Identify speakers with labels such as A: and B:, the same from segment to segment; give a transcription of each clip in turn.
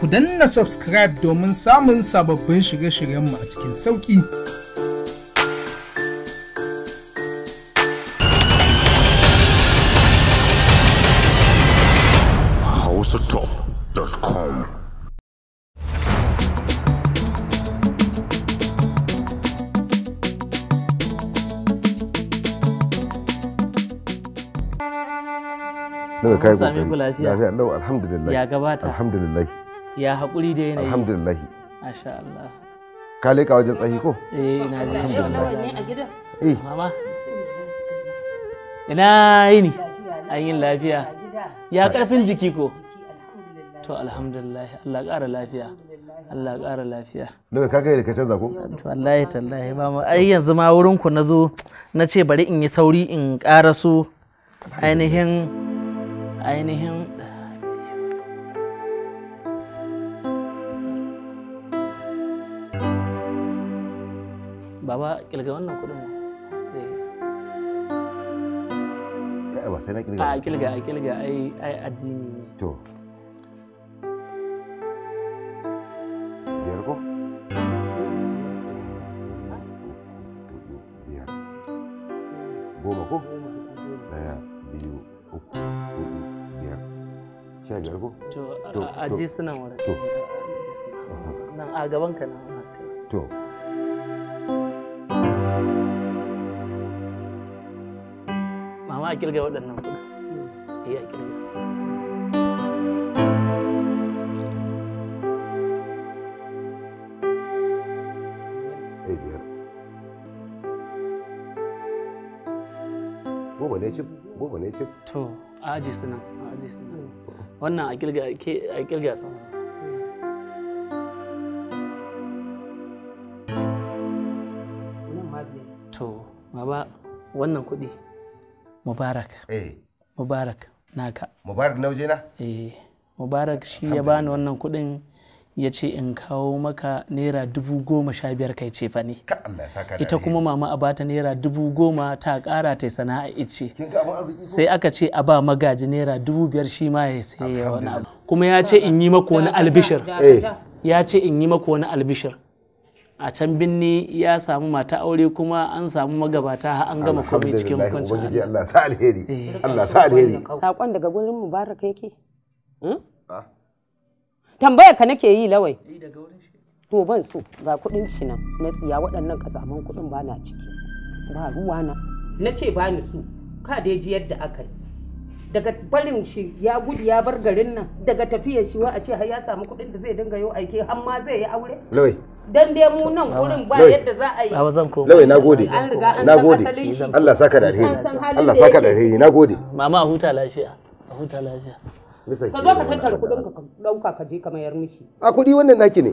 A: ku danna subscribe domin samun sababbin shirye-shiryenmu a cikin sauƙi.
B: hausatop.com kai lafiya lafiya alhamdulillah ya gabata alhamdulillah
C: ya haƙuri da yanayi alhamdulillah masha Allah
B: ka leƙa wajen tsahi ko
C: eh ina ji alhamdulillah eh mama ina yini an yin lafiya ya karfin jiki ko to alhamdulillah Allah ƙara lafiya Allah ƙara lafiya.
B: Lai ka kai da ka canza ko?
C: Wallahi tallahi ba mu ai yanzu ma wurin ku na zo na ce bari in yi sauri in ƙara su ainihin ainihin baba kilga wannan kuɗin mu
D: eh.
B: ba sai na kilga a kilga a kilga ai
C: ai addini ne
B: to biyar ko biyar goma uku biyar sha biyar to a ji suna nan
C: a gaban ka na to a kirga waɗannan kuɗin kirga su
B: goma ne goma ne to aji suna
C: aji suna wannan a kirga a kirga sama to baba wannan kuɗi mubarak eh. mubarak naka mubarak na na eh mubarak shi ya bani wannan kuɗin ya ce in kawo maka naira dubu goma sha biyar kai ce fa ne ita kuma mama a bata naira dubu goma ta kara ta sana'a ice sai aka ce a ba magaji naira dubu biyar shi ma ya sai wani abu kuma ya ce in yi maka wani albishir eh. ya ce in yi maka wani albishir a can binni ya samu mata aure kuma an samu magabata an gama komai cikin hukuncin
B: Allah. sa alheri. Eh. Allah sa alheri.
D: Sakon daga gurin Mubarak yake? Hmm? Tambaya ka nake yi lawai. To ban so ga kudin shi nan na tsiya waɗannan kasaman kudin ba na ciki. Ba ruwa na. Na ce ba ni su ka dai ji yadda aka yi. daga barin shi ya gudu ya bar garin nan daga tafiyar shi wa a ce har ya samu kudin da zai dinga yau aiki har ma zai yi aure. Lawai. dan dai mu nan gurin ba yadda za a yi baba zan koma lawai nagode nagode Allah saka da alheri Allah
B: saka da alheri nagode
C: mama a huta lafiya a huta lafiya
B: ka zo
D: ka
C: tattara kuɗin ka
D: ɗauka ka je ka mayar mishi
B: a kuɗi wannan naki ne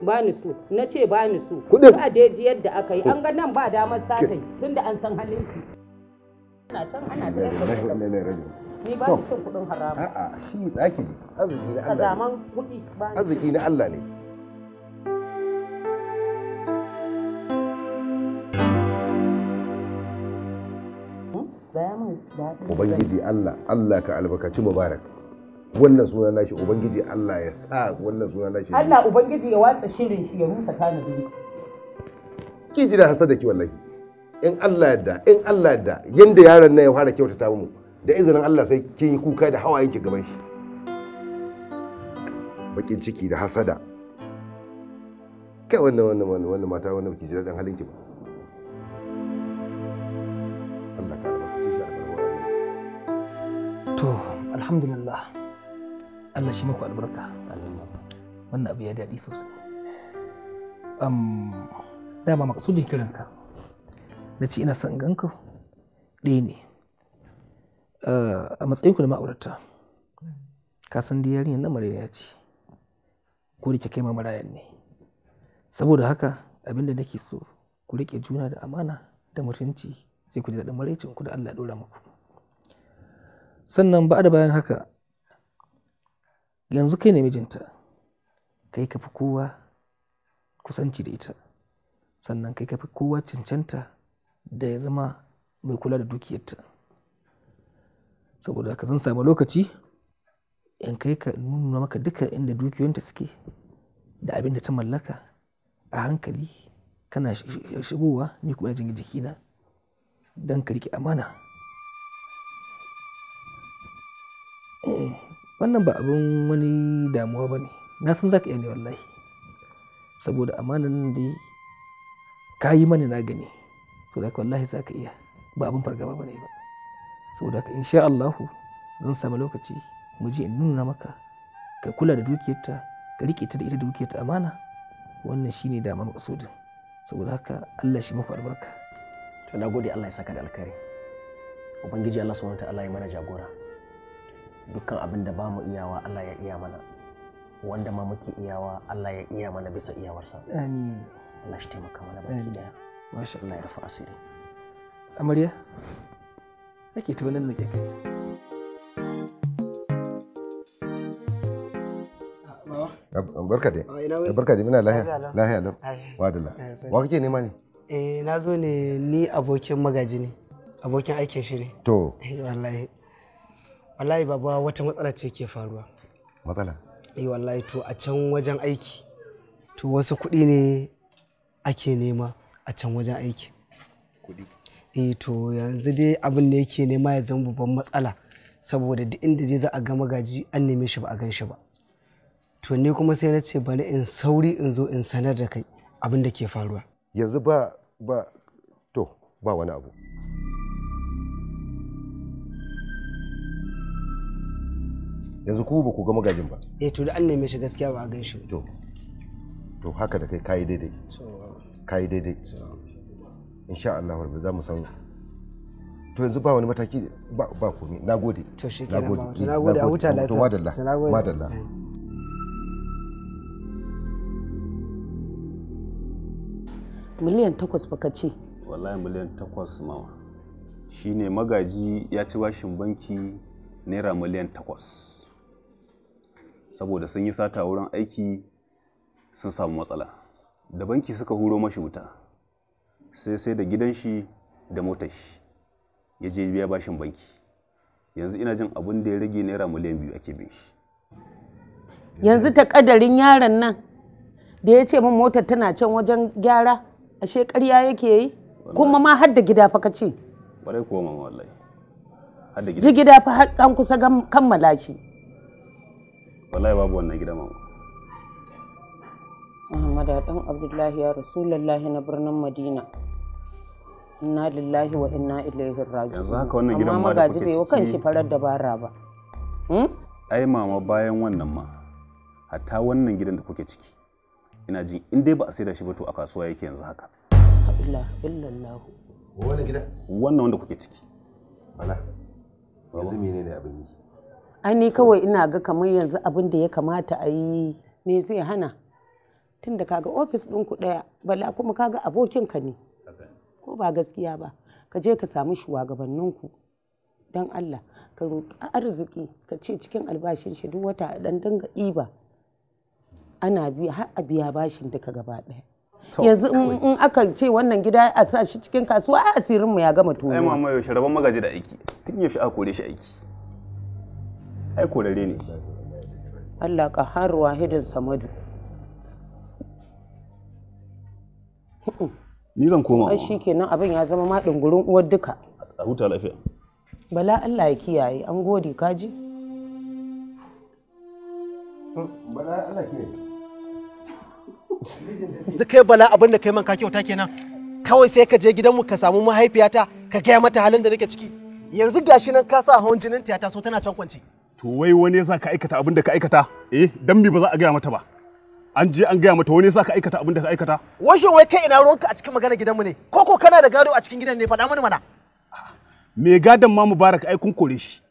D: ba ni so na ce ba ni so kuɗin ba dai ji yadda aka yi an ga nan ba damar satai tunda an san halin ki ana can ana da
B: ni ba ni son kuɗin haramu a'a shi tsaki ne arziki na Allah ne arziki na Allah ne ubangiji Allah Allah ka albarkaci mubarak wannan suna nashi ubangiji Allah ya sa wannan suna nashi Allah
D: ubangiji ya watsa shirin shi ya rusa kana biyu.
B: ki ji da hasada ki wallahi in Allah yadda in Allah yadda yanda yaron nan ya fara kyautata mu da izinin Allah sai kin yi kuka da hawaye ki gaban shi bakin ciki da hasada kai wannan wannan wannan mata wannan ki ji da halin ki ba
E: to alhamdulillah Allah shi muku albarka wannan abu ya daɗi sosai um, dama maksudin kiranka na ce ina son ganka ɗaya ne eh, a matsayin ku da ma'aurata ka san da yarinyar nan ya ce ko da kai ma marayan ne saboda haka abinda nake so ku rike juna da amana da mutunci sai ku ji daɗin maraicin ku da Allah ya ɗora muku sannan ba da bayan haka yanzu kai ne mijinta kai ka fi kowa kusanci da ita sannan kai ka fi kowa cancanta da ya zama mai kula da dukiyarta saboda ka zan samu lokaci in kai ka nuna maka duka inda dukiyoyinta suke da abin da ta mallaka a hankali kana shigowa ni kuma jin jikina don ka rike amana wannan ba abin wani damuwa ba ne na san za iya ne wallahi saboda amanan da ka yi mani na gani so wallahi za ka iya ba abin fargaba ba ne ba saboda ka insha Allahu zan sami lokaci mu je in nuna maka ka kula da dukiyarta ka rike ta da ita dukiyarta amana wannan shine damar makasudin saboda haka Allah shi maka albarka
F: to nagode Allah ya saka da alkhairi ubangiji Allah subhanahu wa ta'ala ya mana jagora dukkan abin da ba mu iyawa Allah ya iya mana wanda ma muke iyawa Allah ya iya mana bisa iyawarsa amin Allah shi
E: taimaka mana baki daya masha Allah ya rufa asiri amarya ake ta wannan nake kai
C: barka dai barka dai muna lahiya lahiya lau wadala
B: eh, wa kake nema ne eh na
A: zo ne ni abokin magaji ne abokin aikin shi ne to eh, wallahi wallahi baba wata matsala ce ke faruwa matsala eh wallahi to a can wajen aiki to wasu kuɗi ne ake nema a can wajen aiki kuɗi eh to yanzu dai abin da yake nema ya zama babban matsala saboda duk inda dai za a ga magaji an neme shi ba a gan shi ba to ni kuma sai na ce bani in sauri in zo in sanar da kai abin da ke faruwa
B: yanzu ba ba to ba wani abu yanzu ku ba ku ga magajin ba
A: eh to da an neme shi gaskiya ba a gan shi
B: to to haka da kai kai daidai kai daidai insha Allah warbe za mu san to yanzu ba wani mataki ba ba komai nagode to shikenan nagode eh, nagode a huta lafiya to madalla madalla eh.
D: miliyan takwas fa ka ce
A: wallahi miliyan takwas shi shine magaji ya ci bashin banki naira miliyan takwas saboda sun yi sata wurin aiki sun samu matsala da banki suka huro mashi wuta sai sai da gidan shi da motar shi ya je biya bashin banki yanzu ina jin abin da ya rage naira miliyan biyu ake bin shi
D: yanzu ta kadarin yaron nan da ya ce min motar tana can wajen gyara ashe ƙarya yake yi kuma ma har da gida fa ka ce
A: ko mama wallahi har da gida ji gida
D: fa har kusa kammala shi
A: wallahi babu wannan gida mama
D: Muhammad dan Abdullahi ya Rasulullahi na birnin Madina inna lillahi wa inna ilaihi raji'un yanzu haka wannan gidan ma da kuke ciki kan shi farar dabara ba
A: hmm? ai mama bayan wannan ma hatta wannan gidan da kuke ciki ina jin in dai ba a saida shi ba to a kasuwa yake yanzu
D: haka
B: Allah billahi wannan gidan
A: wannan wanda kuke ciki
B: bala yanzu menene abin yi
D: Ani kawai ina ga kamar yanzu abin da ya kamata a yi me zai hana tun da kaga ofis ɗinku ɗaya bala kuma kaga ka ne ko ba gaskiya ba ka je ka samu shugabanninku don Allah ka roƙi arziki ka ce cikin albashin shi duk wata dan dinga iba, ana biya har a biya bashin duka gaba ɗaya yanzu in aka ce wannan gida a sa shi cikin kasuwa a mu ya gama tuwo ai mama
A: yaushe rabon magaji da aiki tun yaushe aka kore shi aiki ai korare ne
D: Allah ka har wahidin samadu
A: ni zan koma ai
D: shikenan abin ya zama ma gurin uwar duka a huta lafiya bala Allah ya kiyaye an gode kaji
A: bala Allah kiyaye duk kai bala abin da kai man ka kyauta kenan kawai sai ka je gidanmu ka samu mahaifiyata ka gaya mata halin da nake ciki yanzu gashi nan ka sa hawan jinin ta so tana can kwance to wai wani yasa ka aikata abin da ka aikata eh dan bi ba za a gaya mata ba an je an gaya mata wani yasa ka aikata abin da ka aikata washe wai kai ina ruwanka a cikin magana gidanmu ne ko ko kana da gado a cikin gidan ne faɗa mana me gadon ma mubarak ai kun kore shi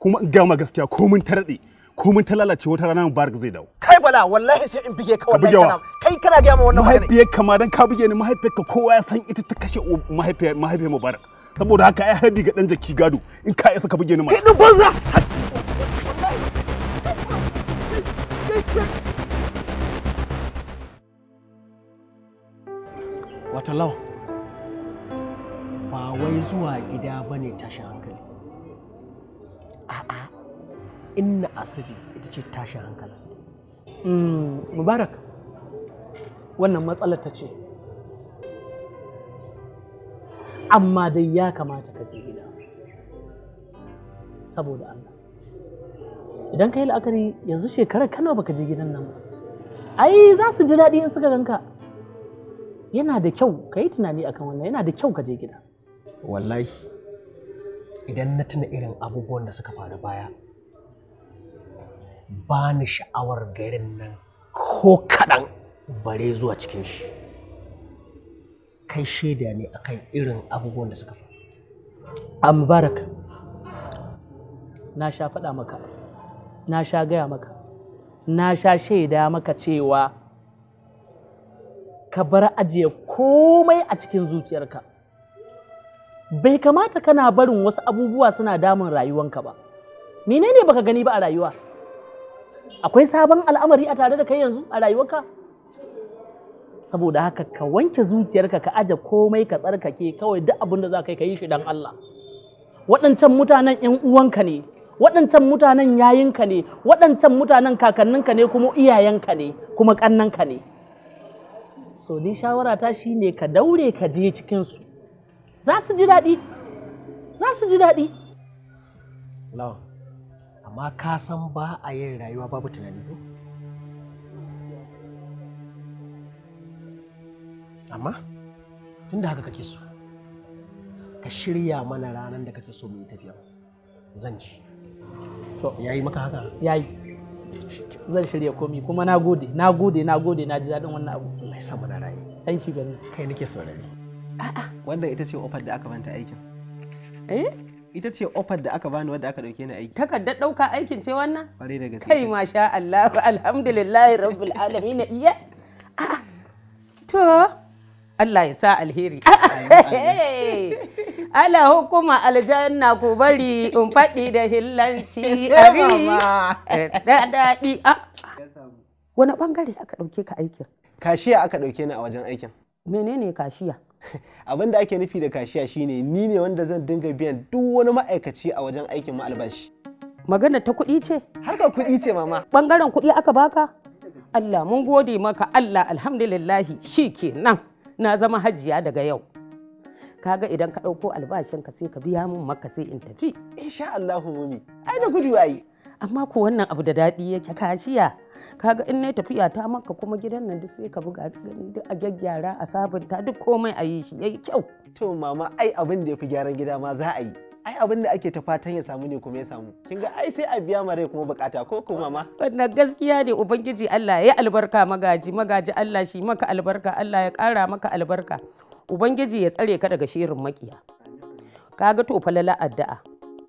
A: kuma in ma gaskiya ko mun ta ko mun ta lalace wata rana mubarak zai dawo kai bala wallahi sai in bige ka wallahi kana kai kana ga ma wannan mahaifiyar ka ma dan ka bige ni mahaifiyar ka kowa ya san ita ta kashe mahaifiyar mahaifiyar mubarak saboda haka ai harbi ga dan jaki gado in ka isa ka bige ni ma kai banza
F: wata lau ba wai zuwa gida ba ne tashin hankali a'a inna asibi ita ce tashin hankali
C: mm, mubarak wannan matsalar ta ce amma dai ya kamata ka je gida saboda Allah idan ka yi la'akari yanzu shekarar kana baka je gidan nan ba ai za su ji daɗi in suka ganka yana da kyau ka yi tunani akan wannan yana da kyau ka je gida
F: wallahi idan na tuna irin abubuwan da suka faru baya ba ni sha'awar garin nan ko kaɗan bare zuwa cikin shi kai shaida ne akan irin abubuwan da suka faru a mubarak
C: na sha faɗa maka na sha gaya maka na sha shaida maka cewa ka bar ajiye komai a cikin zuciyarka bai kamata kana barin wasu abubuwa suna damun rayuwanka ba menene baka gani ba a rayuwa akwai sabon al'amari a tare da kai yanzu a rayuwarka saboda haka ka wanke zuciyarka ka aje komai ka tsarkake kawai duk abin da za ka yi ka yi shi dan Allah waɗancan mutanen ƴan uwanka ne waɗancan mutanen yayinka ne waɗancan mutanen kakanninka ne kuma iyayenka ne kuma ƙannanka ne so ni shawara ta ne ka daure ka je cikinsu za su ji daɗi za su ji daɗi
F: lawan amma ka san ba a yin rayuwa babu tunani ko amma da haka kake so ka shirya mana ranar da kake so mu yi tafiya zan ji
C: to yayi maka haka yayi zan shirya komi kuma na gode na gode na gode na ji daɗin wannan abu mai ya samu na rayu thank you gani kai nake saurari a'a wanda ita ce offer da aka banta aikin eh ita
A: ce offer da aka bani wadda aka dauke ni aiki
D: takardar dauka aikin ce wannan
A: bare da gaske kai
D: masha Allah alhamdulillahi rabbil alamin iya to Allah ya sa alheri ala hukuma aljanna ku bari in faɗi da hillanci abi da daɗi ah.
A: wani bangare aka ɗauke ka aikin kashiya aka ɗauke ni a wajen aikin menene kashiya abin da ake nufi da kashiya shine ni ne wanda zan dinga biyan duk wani ma'aikaci a wajen aikin mu albashi
D: magana ta kuɗi ce harkar kuɗi ce mama bangaren kuɗi aka baka Allah mun gode maka Allah alhamdulillahi shi kenan na zama hajiya daga yau kaga idan ka ɗauko albashin ka sai ka biya min maka sai in tafi insha Allah mami ai da gudu waye? amma ko wannan abu da daɗi yake kashiya kaga in na tafiya ta maka kuma gidan nan duk sai ka buga duk a gyaggyara a sabunta duk komai a yi shi yayi kyau to mama ai abin da yafi gyaran gida ma za a yi ai abin da
A: ake ta fatan ya samu ne kuma ya samu kin ga ai sai a biya mare kuma bukata ko kuma ma
D: wannan gaskiya ne ubangiji Allah ya albarka magaji magaji Allah shi maka albarka Allah ya kara maka albarka ubangiji ya tsare ka daga shirin makiya kaga to falala addu'a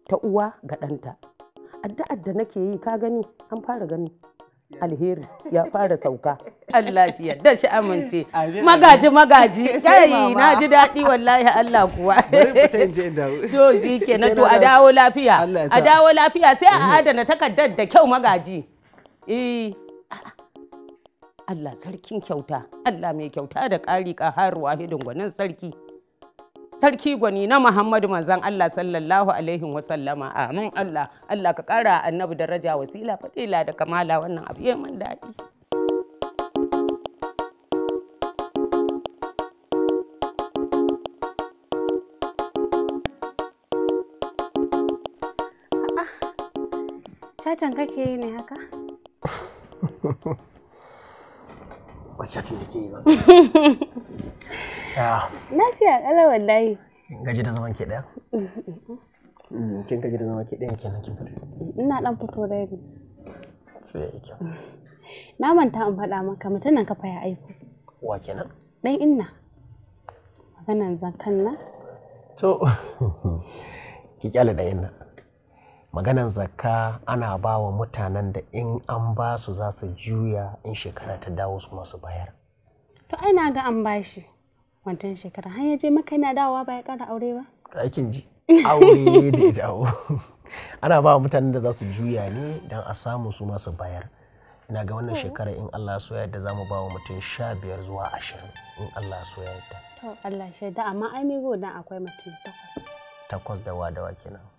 D: ta uwa ga ɗanta addu'ar da nake yi ka gani an fara gani alheri ya fara sauka Allah shi yadda shi amince magaji magaji kai na ji daɗi wallahi Allah kuwa to ji kenan to a dawo lafiya a dawo lafiya sai a adana takardar da kyau magaji eh Allah sarkin kyauta, Allah mai kyauta da ƙari ƙahar hidin gwanin sarki. Sarki gwani na Muhammadu manzan Allah sallallahu alaihi wasallama amin Allah, Allah ka ƙara annabu daraja wasila fadila da kamala wannan abu ya min daɗi. Ah, Cacan kake ne haka?
C: ba ke yi ba
D: lafiya wallahi
F: gaji da zaman ke kin gaji da zaman mm, ke ina
D: fito da ya na manta in faɗa maka mutumin kafa ya aiko wa kenan inna maganan
F: to ki inna maganan zakka ana ba wa mutanen da in an ba su za su juya in shekara ta dawo su masu bayar
D: to ai na ga an ba shi wancan shekara har ya je maka yana dawowa ba ya kara aure ba
F: aikin ji aure da dawo ana ba wa mutanen da za su juya ne don a samu su masu bayar ina ga wannan shekara in Allah so yadda za mu ba wa mutum sha biyar zuwa ashirin in Allah so yadda
D: to Allah shaida amma ai ne godan akwai mutum takwas
F: takwas da wadawa kenan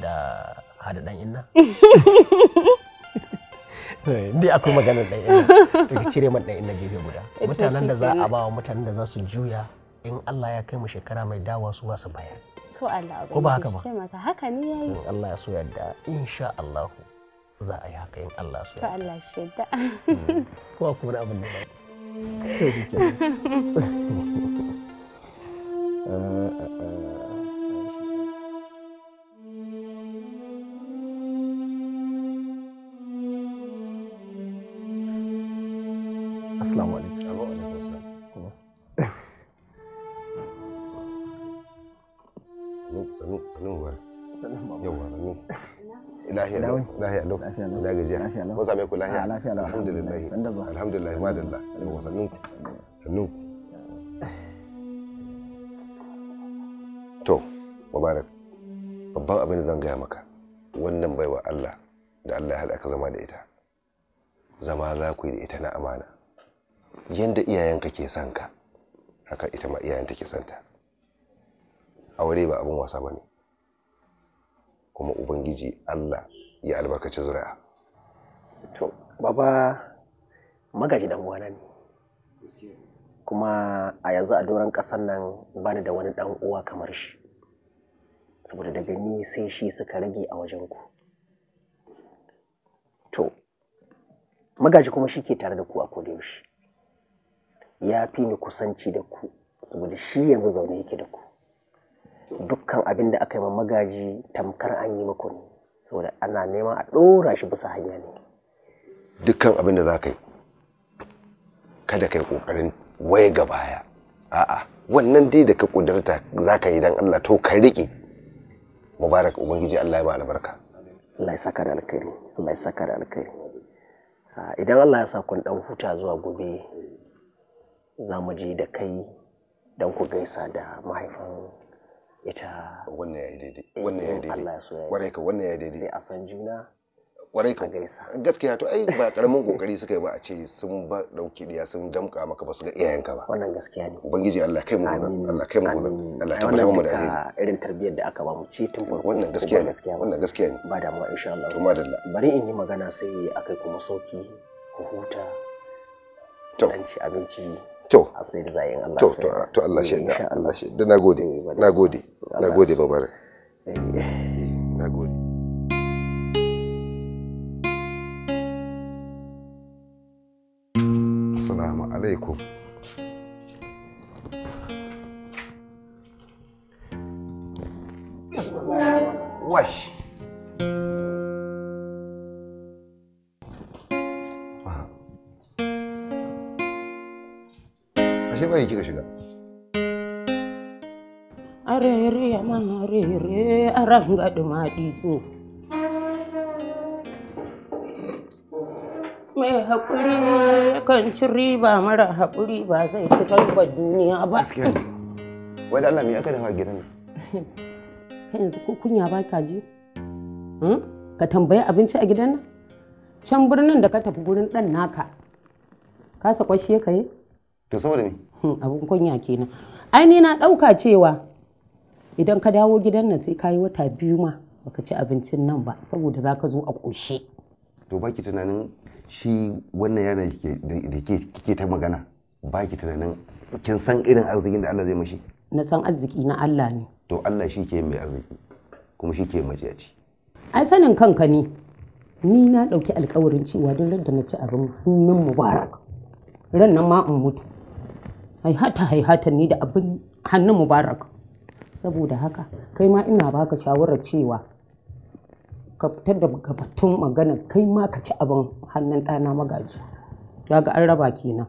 F: da hada dan inna eh, dai akwai magana dan inna ki cire man dan inna gefe guda mutanen da za a ba wa mutanen da za su juya in Allah ya kai mu shekara mai dawa su ba su bayar
C: to Allah ko ba haka ba haka ne yayi in
F: Allah ya so yadda insha Allah za a yi haka in Allah ya so to
C: Allah shi yadda hmm.
F: ko akwai wani abin da ba
C: to shi kenan
B: eh, eh,
F: assalamu alaikum sannu
B: sannu sannu na sannu sannu to mubarak babban abin da zan gaya maka wannan baiwa Allah da Allah ya haɗa ka zama da ita zama za ku yi da ita na amana yanda iyayenka ke son ka haka ita ma iyayen ke son ta aure ba abin wasa bane kuma ubangiji Allah ya albarkaci zuri'a to
F: baba magaji dan uwana ne
B: kuma
F: a yanzu a doron ƙasar nan bani da wani dan uwa kamar shi saboda daga ni sai shi suka rage a wajen ku to magaji kuma shi ke tare da ku a kodayaushe ya fi ni kusanci da ku saboda shi yanzu zaune yake da ku dukkan abin da aka yi magaji tamkar an yi maku ne saboda ana nema a ɗora shi bisa hanya ne
B: dukkan abin da za ka yi kada ka yi ƙoƙarin waye ga baya a'a wannan dai da ka ƙudurta za ka yi don allah to ka riƙe mubarak ubangiji allah ya ba albarka allah ya saka da alkhairi allah ya saka da alkhairi
F: ah, idan allah ya sa kun dan huta zuwa gobe za mu je da kai
B: don ku gaisa da mahaifin ita wannan ya yi daidai eh, wannan ya yi daidai kwarai ka wannan ya yi daidai sai a san juna kwarai ka gaskiya to ai ba karamin kokari suka yi ba a ce sun ba dauki diya sun damka maka ba su ga iyayenka ba wannan gaskiya ne ubangiji Allah kai mu gobe Allah kai mu gobe Allah ta mu da alheri irin tarbiyyar da aka ba mu ce tun farko wannan gaskiya ne wannan gaskiya ne ba
F: damuwa insha Allah to madalla bari in yi magana sai akai kuma sauki ku huta
B: to dan ci abinci to to to Allah shaida da Allah shi da nagode eh, nagode nagode babar eh. nagode assalamu alaikum wash ba yi kika shiga
D: arere man arere aran gadu maɗi so mai haƙuri kan ci riba mara haƙuri ba zai ci kalbar duniya ba gaskiya
B: ne wai da Allah me aka dafa gidan
D: yanzu ko kunya ba ka ji hmm? ka tambayi abinci a gidan nan can birnin da ka tafi gurin dan naka kasa kwashe ka yi
B: to saboda me Hmm, abun
D: kunya kenan ai ni na ɗauka cewa idan ka dawo gidan nan sai ka yi wata biyu ma baka ci abincin nan ba saboda za ka zo a ƙoshe
B: to baki tunanin shi wannan yana da kike ta magana baki tunanin kin san irin arzikin da Allah zai mashi
D: na san arziki na Allah ne
B: to Allah shi ke mai arziki kuma shi ke maciyaci
D: ai sanin kanka ne ni na ɗauki alkawarin cewa don da na ci abin hannun mubarak ran nan ma in mutu haihata haihata ni da abin hannun mubarak saboda haka kai ma ina baka shawarar cewa ka fitar da gabatun magana kai ma ka ci abin hannun ɗana magaji ya ga an raba kenan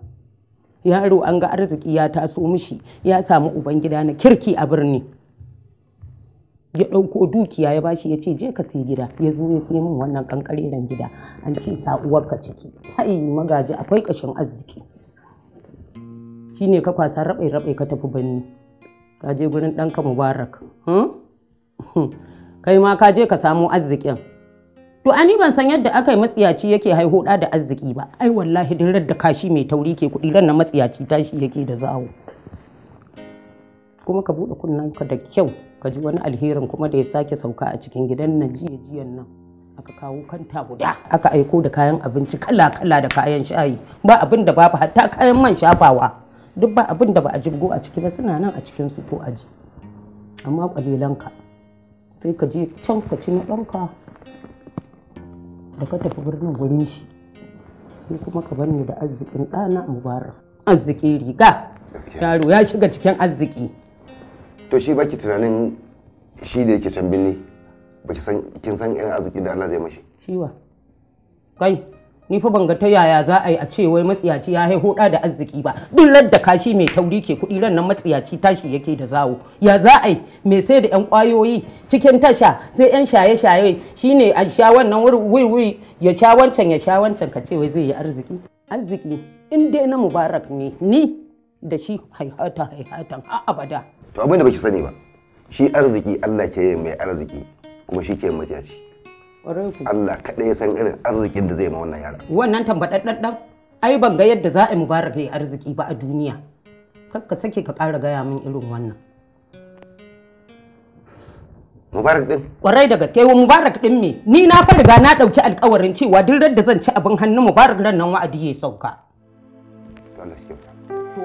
D: yaro an ga arziki ya taso mishi ya samu ubangida na kirki a birni ya ɗauko dukiya ya bashi ya ce je ka sai gida ya zo ya sai min wannan kankareren gida an ce sa ka ciki hai magaji akwai ƙashin arziki shine ka kwasa rabai rabai ka tafi birni ka je gurin ɗanka mubarak hmm? kai ma ka je ka samu arzikin to ani ban san yadda aka matsiyaci yake haihu da arziki ba ai wallahi din da kashi mai tauri ke kuɗi ran na matsiyaci tashi yake da zawo kuma ka buɗe kunnanka da kyau ka ji wani alherin kuma da ya sake sauka a cikin gidan nan jiya jiyan nan aka kawo kanta guda aka aiko da kayan abinci kala kala da kayan shayi ba abin da babu hatta kayan man shafawa duk ba abin da ba a jibgo a ciki ba suna nan a cikin su ko aji amma ƙwabilanka sai ka je can ka ci na ɗanka da ka tafi birnin gurin shi sai kuma ka bani da arzikin ɗana mubarak arziki riga yaro ya shiga cikin arziki
B: to shi baki tunanin shi da yake can birni baki san kin san irin arziki da Allah zai mashi
D: shi wa kai ni fa ban ga ta yaya za a yi a ce wai matsiyaci ya haihu da da arziki ba duk radda kashi mai tauri ke kuɗi ran nan matsiyaci tashi yake da zawo ya za a yi mai sai da yan kwayoyi cikin tasha sai yan shaye shaye shine a sha wannan wuri ya sha wancan ya sha wancan ka ce wai zai yi arziki arziki in dai na mubarak ne ni da shi haihata haihatan a abada
B: to abin da baki sani ba shi arziki Allah ke mai arziki kuma shi ke maciyaci Allah kaɗai san irin arzikin da zai ma wannan yara.
D: Wannan ɗan, ai ban ga yadda za a mubaraka ya arziki ba a duniya. Ka sake ka ƙara gaya min irin wannan. Mubarak din? Kwarai da gaske, wa Mubarak din me? Ni na fa riga na ɗauki alƙawarin cewa duk da zan ci abin hannu Mubarak ran nan wa'adi ya sauka.
B: Allah shi To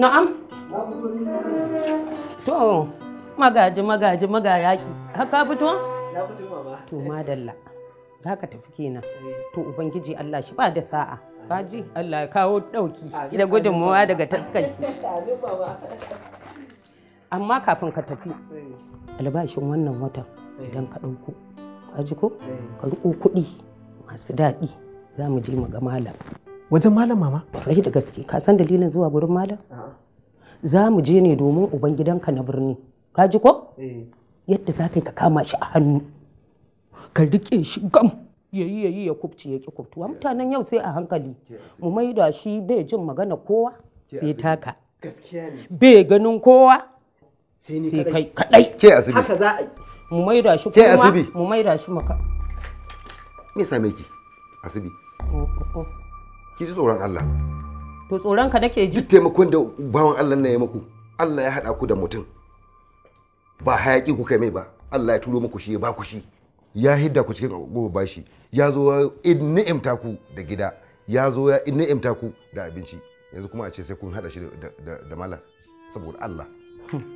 D: Na'am. To, magaji magaji magayaki. Haka fito?
A: Na fito ba.
D: To madalla. Za ka tafi kenan. Eh. To Ubangiji Allah shi ba da sa'a. Kaji Allah ya kawo ɗauki da mawa daga taskar Amma kafin ka tafi, eh. albashin wannan watan eh. idan ka ɗauko, kaji ko? Ka riƙo kuɗi masu daɗi za mu je mu ga malam. Wajen malam mama? Rai da gaske, ka san dalilin zuwa gurin malam? A'a. za mu je ne domin ubangidanka na birni ka ji ko eh. yadda za ka yi ka kama shi a hannu ka riƙe shi gam yayi yayi ya kubci ya ki kubtuwa mutanen yau sai a hankali mu maida shi bai jin magana kowa sai taka bai ganin kowa sai kai kadai ke asibi haka za a
B: mu maida shi kuma
D: mu maida shi maka
B: me same ki asibi oh, oh, oh. ki ji tsoron Allah
D: to tsoron ka nake ji duk
B: taimakon da bawan Allah na ya muku Allah ya hada ku da mutum ba hayaki kuka mai ba Allah ya turo muku shi ya ba ku shi ya hidda ku cikin gobe bashi ya zo ya ni'imta ku da gida ya zo ya ni'imta ku da abinci yanzu kuma a ce sai kun hada shi da mala saboda Allah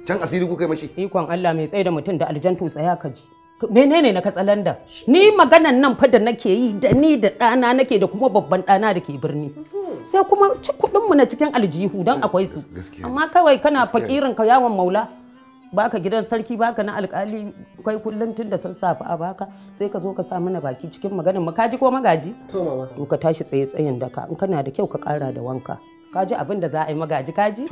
D: can asiri kuka yi mashi ikon Allah mai tsaye da mutum da aljantu tsaya ka ji menene na katsalanda ni maganan nan fa da nake yi da ni da ɗana nake da kuma babban ɗana da ke birni sai kuma ci kuɗinmu na cikin aljihu don akwai su amma kawai kana fakirin ka yawon maula baka gidan sarki baka na alkali kai kullum tun da sassafe a baka sai ka zo ka sa mana baki cikin maganin mu kaji ko magaji to ka tashi tsaye tsayin daka in kana da kyau ka kara da wanka kaji abin da za a yi magaji kaji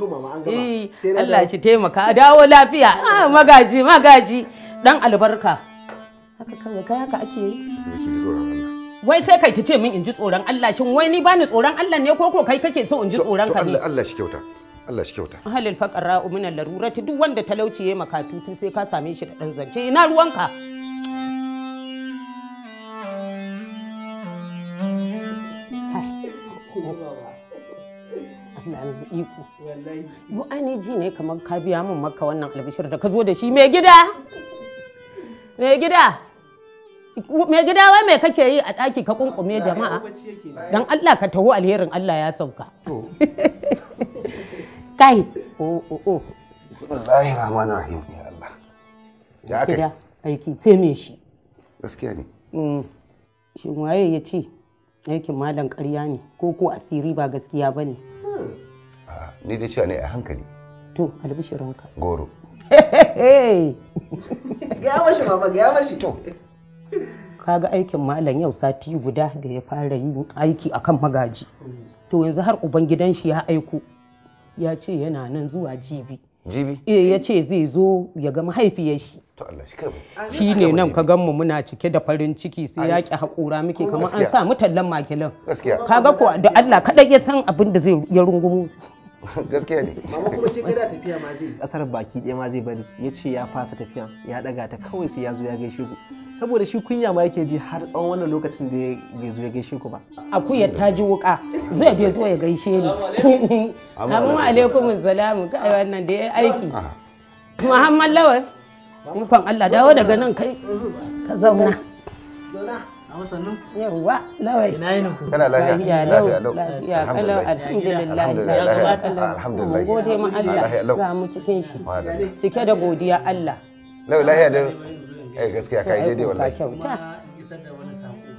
D: eh Allah shi taimaka dawo lafiya ah magaji magaji dan albarka haka kawai kai haka ake
B: yi
D: wai sai kai ta ce min in ji tsoron Allah shin wai ni bani tsoron Allah ne ko ko kai kake so in ji tsoron ka ne
B: Allah shi kyauta Allah shi kyauta
D: halil faqara min larurati duk wanda talauci maka tutu sai ka same shi da dan zance ina ruwanka iko bu'ani ji ne kamar ka biya min maka wannan albishir da ka zo da shi mai gida mai gida mai gida wai mai kake yi a ɗaki ka kunkume jama'a don Allah ka taho alherin Allah ya sauka kai o oh, o oh, o
C: oh.
B: bismillahi rahman rahim ya Allah ya kai gida
D: aiki sai me shi gaskiya ne mm. shi waye ya ce aikin malam ƙarya ne ko ko asiri ba gaskiya ba ne hmm.
B: ni da cewa ne a hankali
D: to albishirinka
B: goro gaya mashi mama gaya mashi to
D: kaga aikin malam yau sati guda da ya fara yin aiki akan magaji to yanzu har uban gidan shi ya aiko ya ce yana nan zuwa jibi jibi eh ya ce zai zo ya ga mahaifiyar shi to Allah shi kai shi ne nan ka gan muna cike da farin ciki sai ya ki hakura muke kamar an sa mu tallan makilin gaskiya kaga ko da Allah kadai ya san abin da zai ya rungumo
B: gaskiya ne
A: amma kuma ke gada tafiya ma zai kasar baki ɗaya ma zai bari ya ce ya fasa tafiya ya daga ta kawai sai ya zo ya gaishe ku saboda shi kunya ma yake ji har tsawon wannan lokacin da ya zo ya gaishe ku ba
D: akuyar ta ji wuka zai je zo ya gaishe ni amma alaikum salamu kai wannan da ya aiki muhammad lawal ikon allah dawo daga nan kai ka zauna sannu yawwa lawai ina yin ku kana lafiya lafiya lafiya kalau alhamdulillah alhamdulillah gode ma Allah za mu cikin shi cike da godiya Allah
B: lawai lafiya da eh gaskiya kai eh, daidai wallahi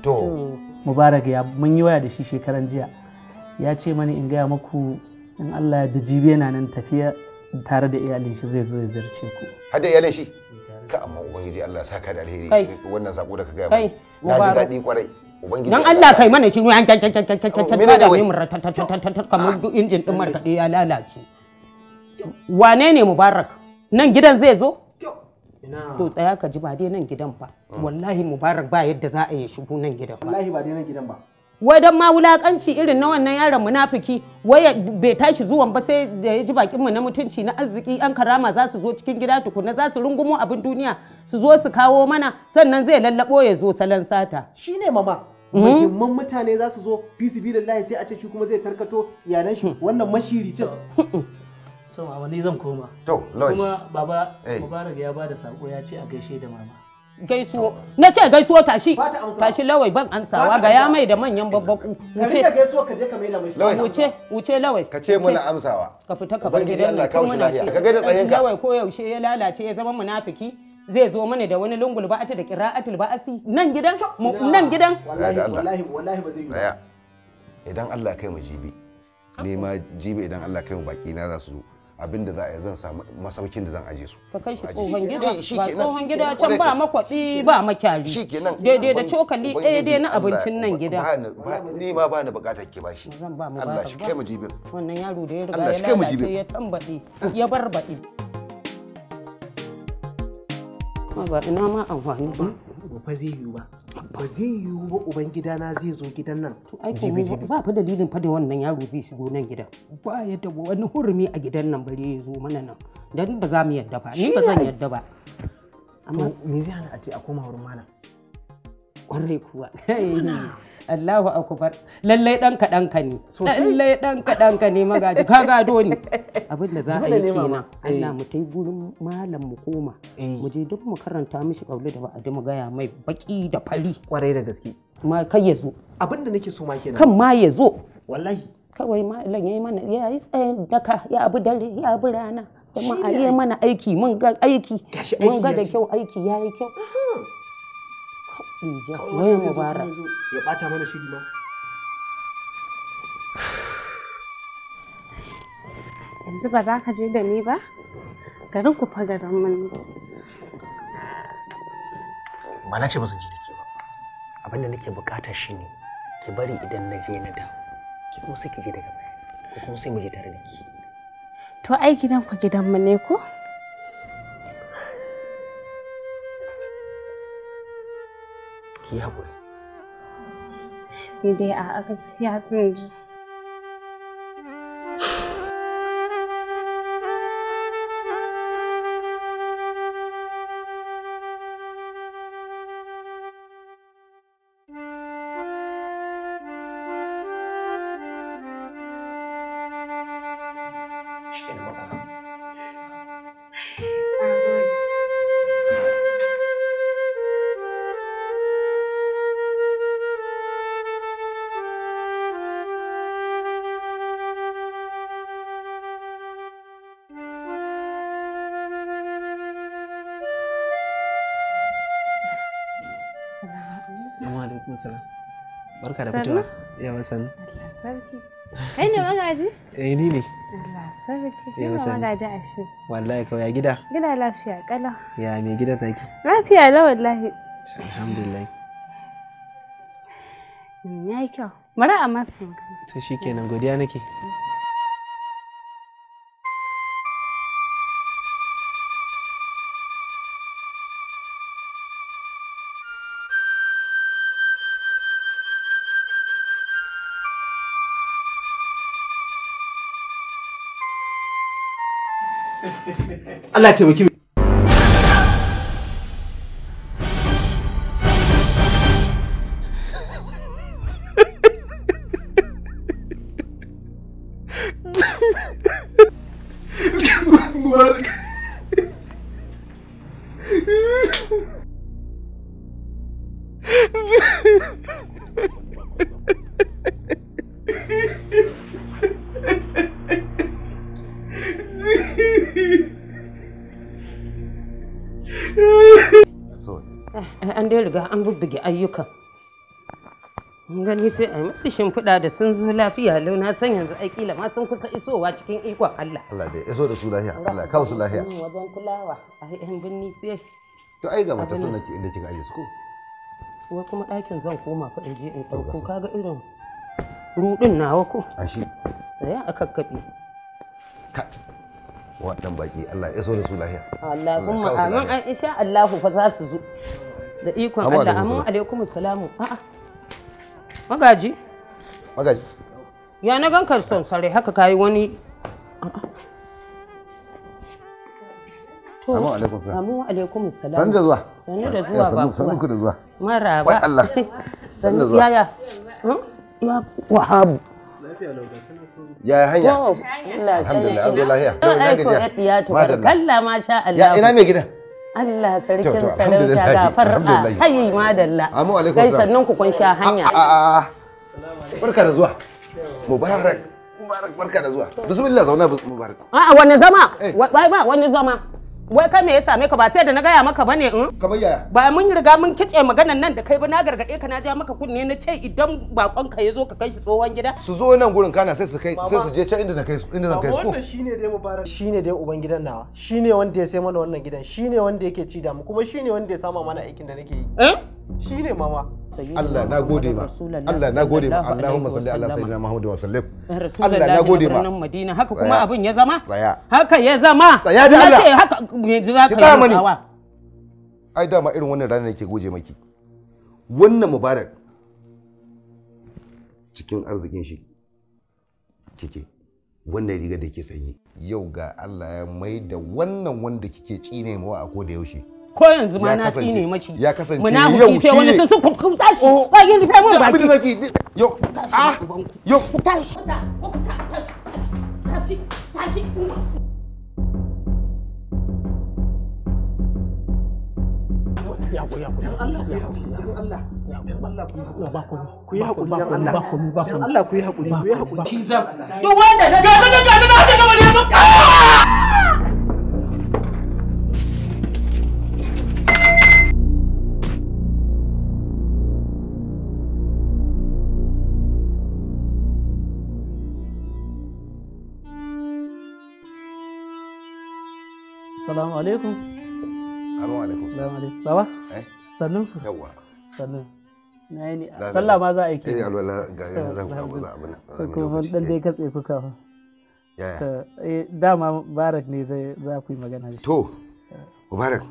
B: to hmm.
C: mubarak ya mun yi waya da shi shekaran jiya ya ce mani in gaya muku in Allah da jibi yana nan tafiya tare da iyalin shi zai zo ya zarce ku
B: har da iyalin shi ka amma ubangiji Allah ya saka da alheri wannan sako da ka ga mai na ji daɗi kwarai ubangiji dan Allah kai
C: mana
D: shi ruwan can can can can can can da mu kamar ah. injin din markaɗe ya lalace wane ne mubarak nan gidan zai zo to tsaya ka ji ba dai nan gidan ba mm. wallahi mubarak ba yadda za a yi shigo nan gidan ba wallahi ba dai nan gidan ba wai dan ma wulakanci irin na wannan yaron munafiki wai bai tashi zuwan ba sai da ya ji bakin mu na mutunci na arziki an karama za su zo cikin gida tukuna za su rungumo abin duniya su zo su kawo mana sannan zai lallabo ya zo salon sata shine mama hmm? muhimman mutane
A: za su zo fi lillahi sai a ce shi kuma zai tarkato iyalan shi hmm. wannan mashiri. to
C: a wani zan koma to kuma baba eh. mubarak ya bada sako ya ce a gaishe da mama
D: gaisuwa na ce gaisuwa tashi tashi lawai ban ansawa ga ya
C: mai da manyan
D: babbaku wuce ka gaisuwa ka je wuce wuce lawai ka ce muna amsawa ka fita ka bar gidan nan ka muna shi ka gaida tsayin ka lawai ko yaushe ya lalace ya zama munafiki zai zo mana da wani lungul ba'ata da qira'atul ba'asi nan gidan nan gidan wallahi wallahi
B: wallahi ba zai yi idan Allah kai mu jibi ne ma jibi idan Allah kai mu baki na za su zo abin da za a yi zan samu masaukin da zan aje su ka kai
D: shi tsohon gida eh, ba tsohon gida can ba makwabi ba makyali shikenan daidai da cokali ɗaya eh, dai na abincin nan gida
B: ni ma ba ni bukatar ki bashi Allah shi kai mu jibin wannan yaro da ya riga ya lalace
D: ya tambaɗe ya barbaɗe ba ina ma amfani ba ba zai yiwu ba ba zai yiwu ba uban gidana zai zo gidan nan to ai ko ba fa dalilin fa da wannan yaro zai shigo nan gidan ba ya da wani hurumi a gidan nan bare ya zo mana nan dan ba za mu yadda ba ni ba zan yadda ba amma me zai hana a ce a koma wurin malam kwarai kuwa Allahu akubar lallai dan ka danka ne lallai dan ka danka ne magaji ka gado ne abin da za a yi kenan eh. Allah mu tai gurin malam mu koma eh. mu je duk mu karanta mishi kaulu da ba'adi mu gaya mai baki da fari kwarai da gaske ma kai ya zo abin da nake so ma kenan kan ma ya zo wallahi kawai malam yayi mana yayi tsayin daka ya abu dare ya abu rana kuma a yi mana aiki mun ga aiki mun ga da kyau aiki yayi kyau wai mubarak
A: ya bata mana shiri ma
D: yanzu ba za ka je da ni ba garin ku fa garin mun
F: ba na ce ba su je da ke ba abin da nake bukata shine ki bari idan na je na da ki kuma sai ki je daga baya ko kuma sai mu je tare da ki
C: to ai gidan ku gidan mu ne ko ki haƙuri ni dai a aka tun tsinji
E: da fitowa
A: yawa sannu
C: sarki kai ne magaji eh ni ne Allah sarki
D: ne magaji a shi
A: wallahi kawai ya gida
D: gida lafiya kala
A: ya gida gidan ke?
D: lafiya la wallahi
A: alhamdulillah
D: mm, ya yi kyau mara a masu magana
A: to kenan godiya nake mm. I like to taimaki mu
D: wallahi sai a yi masu shimfiɗa da sun zo lafiya lau na san yanzu ai kila ma sun kusa isowa cikin ikon Allah
B: Allah da iso da su lafiya Allah ya kawo su lafiya
D: wajen kulawa a yan binni sai
B: to ai ga mata sun nake inda kika aje su ko
D: Wa kuma ɗakin zan koma fa in je in ɗauko kaga irin rudin nawa ko a shi tsaya a kakkaɓe
B: waɗannan baki Allah ya iso da su lafiya. Allah Allahumma amin
D: an insha Allahu fa za su zo
B: da ikon Allah amin
D: alaikum salamu a'a Magaji? Magaji. Ya na gan karson sare haka kayi wani. Salamu alaikum salam. Salamu alaikum salam. Sani da zuwa. Sani da zuwa ba. Sani ku da zuwa. Mara ba. Wai Allah. Sani da zuwa. Yaya. Hmm? Ya wahabu. Yaya hanya? Oh, Alhamdulillah, an zo lahiya. Ai ko ya tiyato. Kalla ma sha Allah. Ya ina mai gidan? Allah sarkin sarauta ga far'a hayi madalla amu alaikum salam sannan ku kun sha hanya ah, ah, ah,
B: barka da zuwa mubarak mubarak barka da zuwa bismillah zauna mubarak
D: a'a wani zama eh. wai ba wani zama wai kai me ya same ka ba sai da na gaya maka bane in mm? kamar yaya ba mun riga mun kice maganan nan da kai ba na gargade ka na ja maka kunne na ce idan bakon ka yazo ka kai shi tsohon gida
B: su zo nan gurin kana sai su kai sai su je can inda na kai su inda zan kai su wannan
D: shine dai mubarak
A: shine dai uban gidan nawa shine wanda ya sai mana wannan gidan shine wanda yake ci da mu kuma shine wanda ya sama
D: mana aikin da nake yi eh shine mama Allah na
B: gode ma Allah na gode ma Allahumma salli ala sayyidina Muhammad wa sallim Allah na gode ma
D: Madina haka kuma abin ya zama haka ya zama tsaya da Allah haka me za ka yi
B: ai dama irin wannan ranar yake goje maki wannan mubarak cikin arzikin shi kike wannan rigar da ke sanyi yau ga Allah ya mai da wannan wanda kike tsine mawa a koda yaushe
D: ko yanzu ma na tsine ya kasance yau shi wani sun
B: su ku tashi ka yi rufe mun baki abin zaki yau ah yau ku tashi
D: tashi tashi
A: ya ku ya ku dan Allah ku dan Allah dan Allah ku ba ku ku yi hakuri dan ku ba ku ba ku dan Allah ku yi hakuri ku yi hakuri Jesus duk wanda ga ga ga ga ga ga
C: Salamu alaikum. Salamu alaikum. Salamu alaikum. Baba? Eh? Sannu? Yawwa. Sannu. Na yi ne. Sallah ma za a yi ke. Eh alwala ga yanzu zan kawo na abin. Kuma dan dai ka tsefi kawo. Yaya. Eh, dama Mubarak ne zai za ku yi magana da shi. To. Mubarak.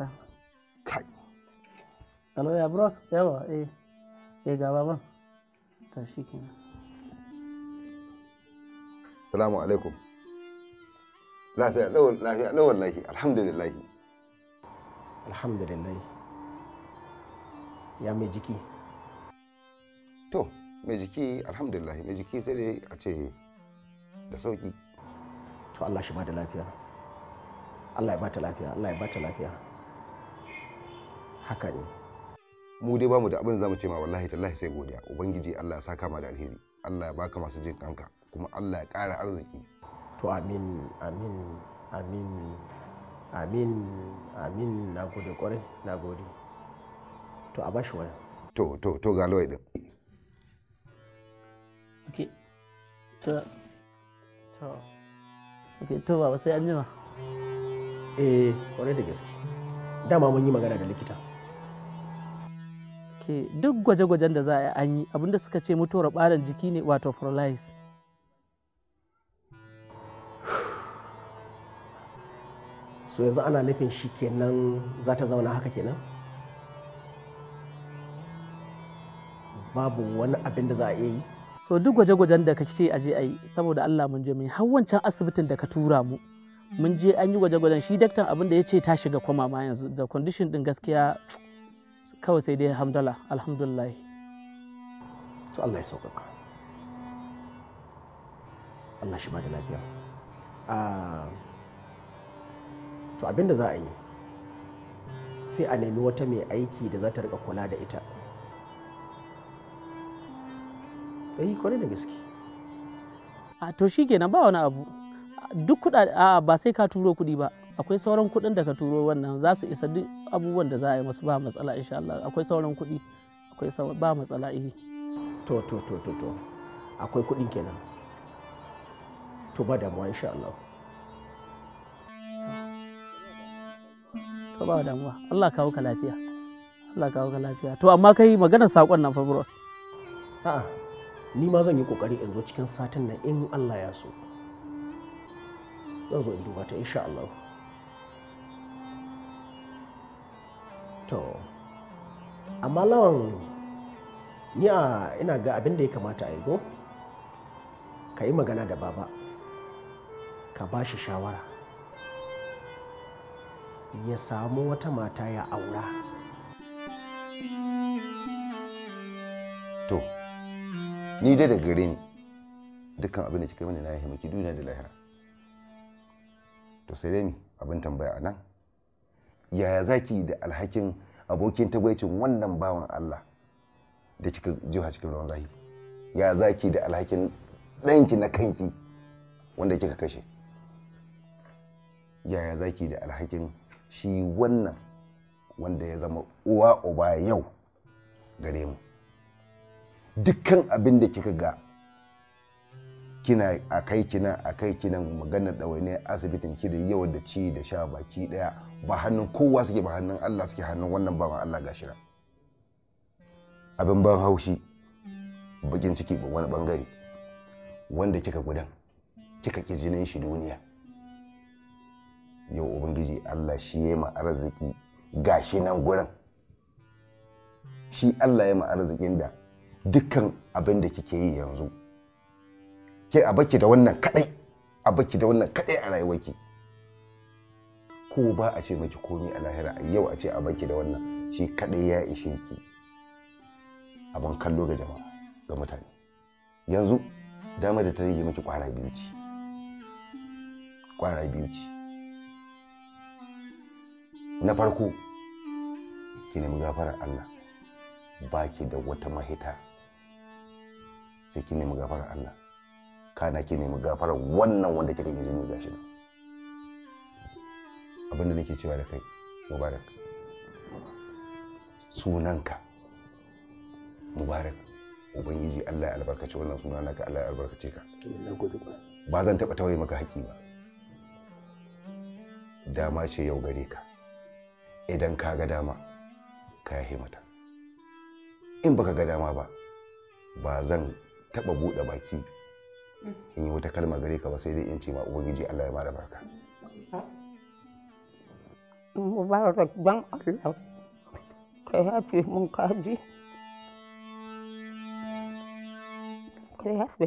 C: Ah. Kai. Alo ya bros yawa eh. Eh ga baba Ta shi kenan.
B: Salamu alaikum. lafiya lawan lafiya lawan lahi alhamdulillah alhamdulillah ya mai jiki to mai jiki alhamdulillah mai jiki sai dai a ce da sauki to Allah shi ba da lafiya Allah ya bata lafiya Allah ya bata lafiya haka ne mu dai bamu da abin da zamu ce ma wallahi tallahi sai godiya ubangiji Allah ya saka ma da alheri Allah ya baka masu jin kanka kuma Allah ya ƙara arziki to amin amin amin amin amin
F: na gode kwarai na gode to a bashi waya
B: to to to ga lawai din
C: ok to to ok to ba sai an jima eh kwarai da gaske
F: dama mun yi magana da likita
C: duk gwaje-gwajen da za a yi an yi abinda suka ce mutuwar ɓarin jiki ne wato paralysis
F: so yanzu ana nufin shi kenan
C: za ta zauna haka kenan babu wani abin da za a iya yi so duk gwaje-gwajen da ka ce a je a yi saboda Allah mun je mun har wancan asibitin da ka tura mu mun je an yi gwaje-gwajen shi daktan abin da ya ce ta shiga kwama ma yanzu da condition din gaskiya kawai sai dai hamdala alhamdulillah to Allah ya sauƙaƙa Allah shi ba da
F: lafiya ah, to abin da za a yi sai a nemi wata mai aiki da za ta rika kula da ita
C: yi eh, kwarai da gaske a to shi kenan ba wani abu duk kuɗa a ba sai ka turo kuɗi ba akwai sauran kuɗin da ka turo wannan za su isa duk abubuwan da za a yi masu ba matsala insha Allah akwai sauran kuɗi akwai sauran ba matsala eh
F: to to to to to akwai kuɗin kenan to ba
C: damuwa insha Allah to ba damuwa Allah kawo ka lafiya Allah kawo ka lafiya to amma kai maganar sakon nan fa a'a
F: ni ma zan yi kokari in zo cikin satin nan in Allah ya so zan zo in duba ta insha Allah to amma lawan ni a ina ga abin da ya kamata a yi go ka yi magana da baba ka ba shi shawara ya samu wata mata ya aura
B: to ni dai da gare ni dukkan abin da kika mani na yi duniya da lahira to sai dai abin tambaya a nan yaya za ki da alhakin abokin tagwacin wannan bawan Allah da kika jiha cikin ruwan zahi ya ki da alhakin ɗanki na kanki wanda kika kashe yaya zaki da alhakin shi wannan wanda ya zama uwa uba yau gare mu dukkan abin da kika ga kina a kai kina a kai kina maganar ɗawainiyar asibitin ki da yau da ci da sha baki ɗaya ba hannun kowa suke ba hannun Allah suke hannun wannan ba Allah gashi abin ban haushi bakin ciki ba wani bangare wanda kika gudan kika ki jinin shi duniya yau ubangiji Allah shi ya ma arziki gashi nan gurin shi Allah ya ma arzikin da dukkan abin da kike yi yanzu ke a baki da wannan kadai a baki da wannan kadai a rayuwarki ko ba a ce miki komi a lahira yau a ce a baki da wannan shi kadai ya ishe ki abin kallo ga jama'a ga mutane yanzu dama da ta rage miki kwara biyu ce kwara biyu ce na farko ki nemi gafarar Allah ba ki da wata mahita sai ki nemi gafarar Allah kana ki nemi gafarar wannan wanda kika yi jini gashi nan da nake cewa da kai mubarak sunanka mubarak ubangiji Allah ya albarkace wannan suna naka Allah ya albarkace ka ba zan taɓa tawaye maka haƙi ba dama ce yau gare ka idan ka ga dama ka yi mata in baka ga dama ba ba zan taba buɗe baki in yi wata kalma gare ka ba sai dai in ce ma ubangiji Allah ya mara barka
D: mubarak dan Allah ka yafe mun ka yafe